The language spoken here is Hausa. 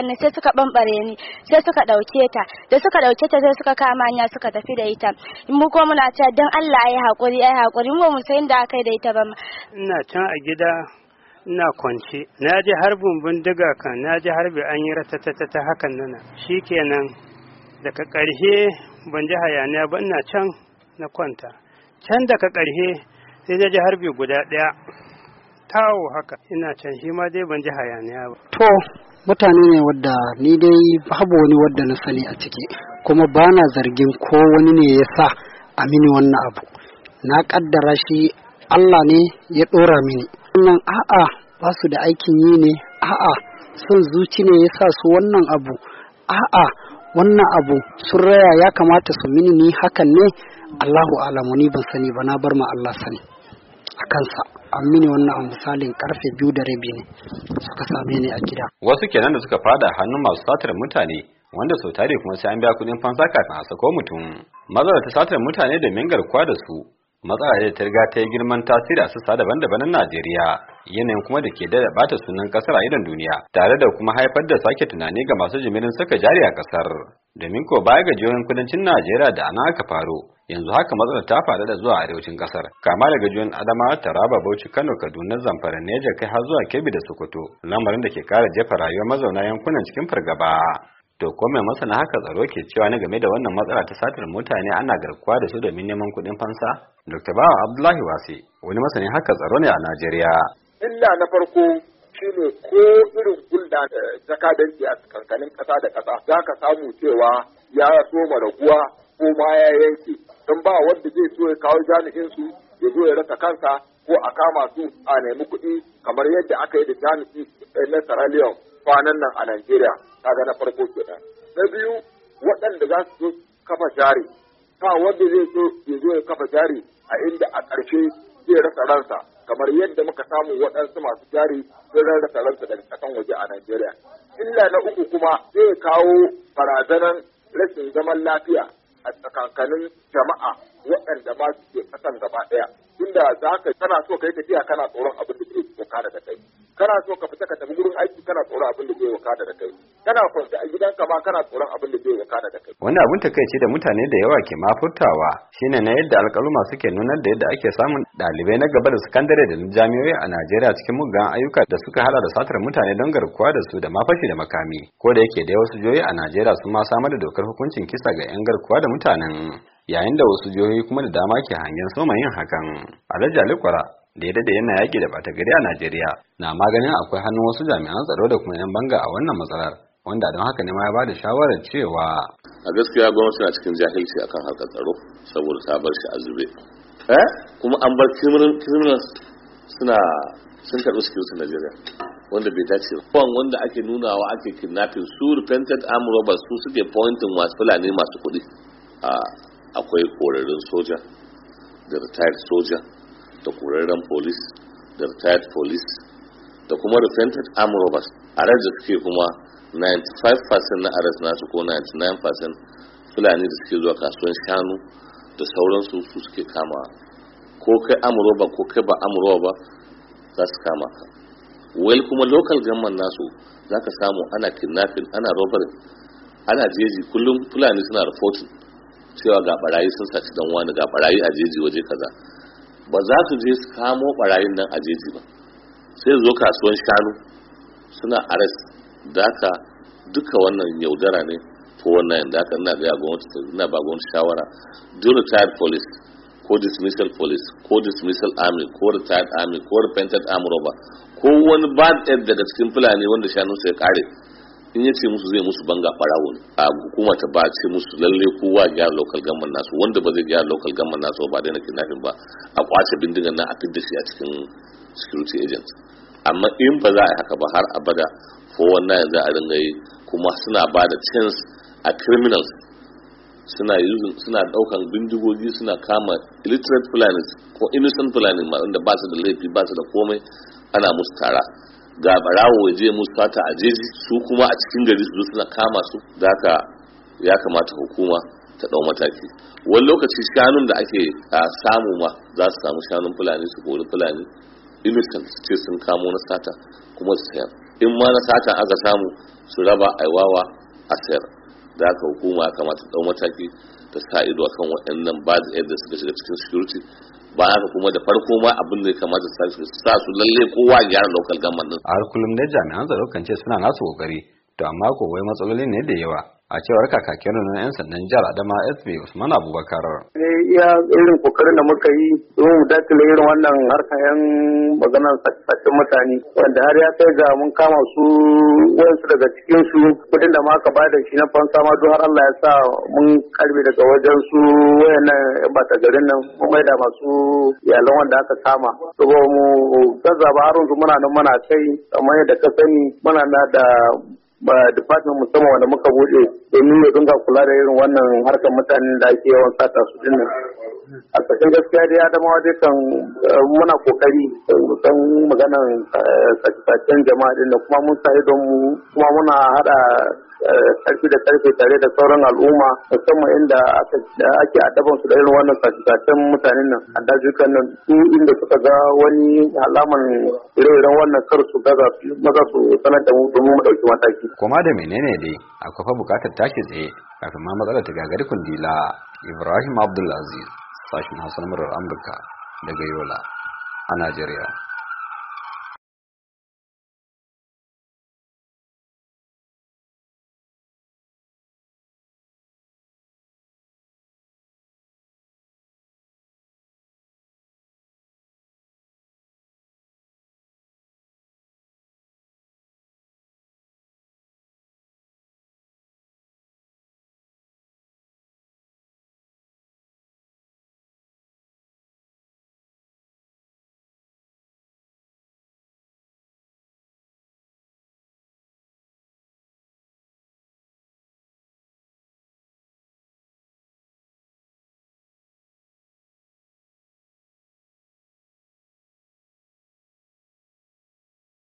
kanne sai suka bambare ni sai suka dauke ta da suka dauke ta sai suka kama hanya suka tafi da ita mu ko muna cewa dan Allah ayi hakuri ayi hakuri mu mun sai da akai da ita ba ina can a gida ina kwance na ji harbin bindiga kan na ji harbi an yi ratatata hakan nana shikenan daga karshe ban ji hayaniya ba ina can na kwanta can daga karshe sai da ji harbi guda daya tawo haka ina can shi ma dai ban ji hayaniya ba to mutane ne wadda ni dai babu wani wadda na sani a ciki kuma ba na zargin ko wani ne ya sa a mini wannan abu na kaddara shi Allah ne ya ɗora mini wannan a'a ba su da aikin yi ne a'a son zuci ne ya sa su wannan abu a'a wannan abu sun raya ya kamata su mini ni hakan ne Allahu alamu ni ban sani ba na bar ma Allah sani a kansa an mini wannan misalin karfe biyu da rabi ne suka same ni a gida wasu kenan da suka fada hannun masu satar mutane wanda sau tare kuma sai an biya kudin fansa kafin a sako mutum matsalar ta satar mutane da mingar kwa da su matsala da ta riga ta yi girman tasiri a sassa daban-daban na Najeriya yanayin kuma da ke da bata sunan kasar a idon duniya tare da kuma haifar da sake tunani ga masu jimirin saka jari a kasar domin ko baya ga jihohin kudancin Najeriya da ana aka faro yanzu haka matsalar ta faru da zuwa arewacin kasar kama daga jihohin Adamawa Taraba Bauchi Kano Kaduna Zamfara Neja kai har zuwa Kebbi da Sokoto lamarin da ke kara jefa rayuwar mazauna yankunan cikin fargaba to ko mai masana haka tsaro ke cewa ne game da wannan matsala ta satar mutane ana garkuwa da su domin neman kuɗin fansa Dr. Bawa Abdullahi Wasi wani masanin haka tsaro ne a Najeriya illa na farko ne ko irin hulɗa da jakadanci a kankanin kasa da kasa za ka samu cewa ya soma raguwa ko ma ya yanke don ba wanda zai so ya kawo jami'in su ya zo ya rasa kansa ko a kama su a nemi kuɗi kamar yadda aka yi da jami'i na Sierra Leone kwanan nan a Najeriya kaga na farko kenan na biyu waɗanda za su kafa jari ba wanda zai so ya zo ya kafa jari a inda a ƙarshe zai rasa ransa kamar yadda muka samu waɗansu masu jari sun rasa ransa daga ƙasan waje a Najeriya. Illa na uku kuma zai kawo barazanan rashin zaman lafiya a tsakankanin jama'a waɗanda su ke ƙasan gaba ɗaya. Inda za ka kana so kai tafiya kana tsoron abin da zai kuka daga kai. kana so ka fita ka tafi gurin aiki kana tsoron abin da zai wakana da kai kana kwanta a gidanka ma kana tsoron abin da zai wakana da kai wani abin takaici da mutane da yawa ke mafurtawa, shine na yadda alƙaluma suke nunar da yadda ake samun ɗalibai na gaba da sakandare da jami'o'i a Najeriya cikin muggan ayyuka da suka hada da satar mutane don garkuwa da su da mafashi da makami ko da yake da wasu jihohi a Najeriya sun ma samar da dokar hukuncin kisa ga 'yan garkuwa da mutanen yayin da wasu jihohi kuma da dama ke hangen soma yin hakan. Alhaji Alikwara da ya dade yana yaki da bata gari a Najeriya na maganin akwai hannun wasu jami'an tsaro da kuma 'yan banga a wannan matsalar wanda don haka ne ma ya bada shawarar cewa a gaskiya gwamnati na cikin jahilci akan harkar tsaro saboda ta bar shi a zube eh? kuma an bar criminals suna sun karɓi security Najeriya wanda bai dace ba kwan wanda ake nunawa ake kidnapping su repented arm robbers su suke pointing masu fulani masu kuɗi ah, akwai korarin soja da retired soja da ƙurarren police da retired police da kuma repented arm robbers arrest da suke kuma 95% na arrest nasu ko 99% fulani da suke zuwa kasuwan shanu da sauransu su suke kama ko kai amuro ko kai ba amuro ba za su kama ka wai kuma local government nasu za ka samu ana kidnapping ana robbery ana jeji kullum fulani suna reporting cewa ga barayi sun saci dan wani ga barayi a jeji waje kaza ba za su je su kamo barayin nan a jeji ba sai zo kasuwan shanu suna ares da duka wannan yaudara ne ko wannan da aka ina ga gwamnati ina ba gwamnati shawara do retired police ko dismissal police ko dismissal army ko retired army ko repented army robber ko wani bad aid daga cikin fulani wanda shanu sai kare in ya ce musu zai musu banga barawon a hukuma ta ba ce musu lalle kowa gyara local government nasu wanda ba zai gyara local government nasu ba dai na kidnapping ba a kwace bindigan nan a fidda shi a cikin security agent amma in ba za a yi haka ba har abada ko wannan za a ringa yi kuma suna ba da chance a criminals suna using suna daukan bindigogi suna kama illiterate fulani ko innocent fulani ma wanda ba su da laifi ba su da komai ana musu tara ga barawo ya je musu fata a jeji su kuma a cikin gari su suna kama su da ya kamata hukuma ta ɗau mataki wani lokaci shanun da ake samu ma za su samu shanun fulani su kori fulani innocent ce sun kamo na sata kuma su sayar in ma na sata aka samu su raba aiwawa a sayar da haka hukuma ya kamata ɗau mataki ta sa ido kan waɗannan ba da yadda suka shiga cikin security ba haka kuma da farko ma abin da ya kamata su sa su lalle kowa gyara local government din a har kullum da jami'an tsaro kan ce suna nasu kokari to amma ko wai matsaloli ne da yawa a cewar kakakin nan 'yan sandan jihar adama sb usman abubakar iya irin kokarin da muka yi don mu dakile irin wannan harkar yan maganar sakin mutane wanda har ya kai ga mun kama su wasu daga cikin su kudin da ma aka bada shi na fansa ma don har Allah ya sa mun karbe daga wajen su wayannan bata garin nan mun maida masu iyalan wanda aka kama saboda mu gaza ba har yanzu muna nan muna kai kamar yadda ka sani muna da ba department musamman wanda muka buɗe domin ya dinga kula da irin wannan harkar mutanen da ake yawan sata su dinnan a cikin gaskiya da adamawa dai kan eh, muna kokari eh, san maganan eh, sace jama'a din kuma mun sai don kuma muna haɗa karfi da karfe tare da sauran al'umma musamman inda ake adaban su da irin wannan sace mutanen nan a dajukan nan su inda suka ga wani alaman ire-iren wannan kar su gaza maza su sanar da mu domin mu dauki mataki. Koma da menene dai akwai fa bukatar tashi tsaye kafin ma matsalar ta gagari kundila Ibrahim Abdulaziz sashin Hassan Murar Amurka daga Yola a Najeriya.